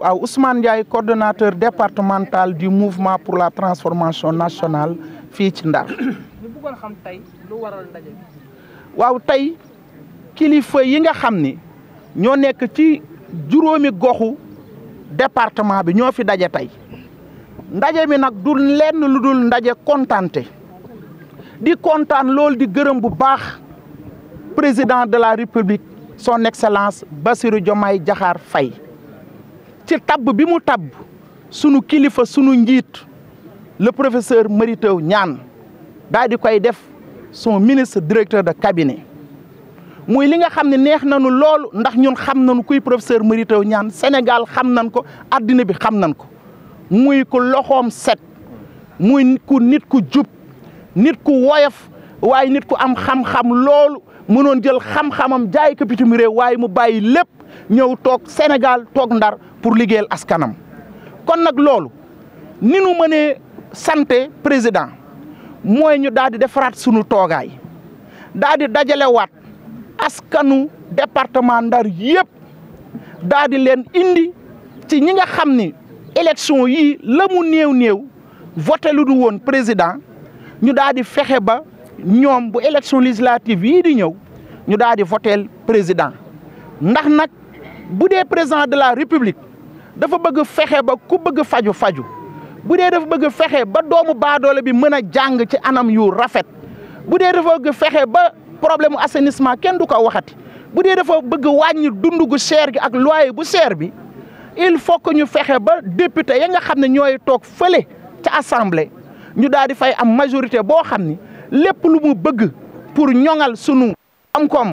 waaw Ousmane Ndiaye coordonnateur départemental du mouvement pour la transformation nationale fii ci Ndar. ñu bëggoon xam tey waaw tey kilifa yi nga xam ni ñoo nekk ci juróomi goxu département bi ñoo fi daje tey ndaje mi nag du lenn lu dul ndaje kontante di kontaan loolu di gërëm bu baax président de la république son excellence Bassirou Diomaye Diakhar fay ci tabb bi mu tàbb sunu kilifa sunu njiit le professeur Mary Teuw Niane daal di koy def son ministre directeur de cabinet muy li nga xam ne neex nañu loolu ndax ñun xam nañu kuy professeur Mary Teuw Niane Sénégal xam nañ ko addina bi xam nañ ko muy ku loxoom set muy ku nit ku jub nit ku woyof waaye nit ku am xam-xam loolu mënoon jël xam-xamam jaay ko bitim réew waaye mu bàyyi lépp ñëw toog Sénégal toog Ndar pour liggéeyal askanam kon nag loolu ni nu mënee santé président mooy ñu daal di defaraat sunu toogaay daal di dajalewaat askanu département Ndar yëpp daal leen indi ci ñi nga xam ni élection yi la néew néew voté lu woon président ñu daal fexe ba ñoom bu élection législative yii di ñëw ñu daal di voteel président ndax nag bu dee président de la république dafa bëgg fexe ba ku bëgg faju faju bu dee dafa bëgg fexe ba doomu baadoole bi mën a jàng ci anam yu rafet bu dee dafa bëgg fexe ba problème assainissement kenn du ko waxati bu dee dafa bëgg wàññi dund gu cher gi ak loyer bu cher bi il faut que ñu fexe ba député ya nga xam ne ñooy toog fële ca assemblée ñu daal di fay am majorité boo xam ni lépp lu mu bëgg pour ñoŋal sunu am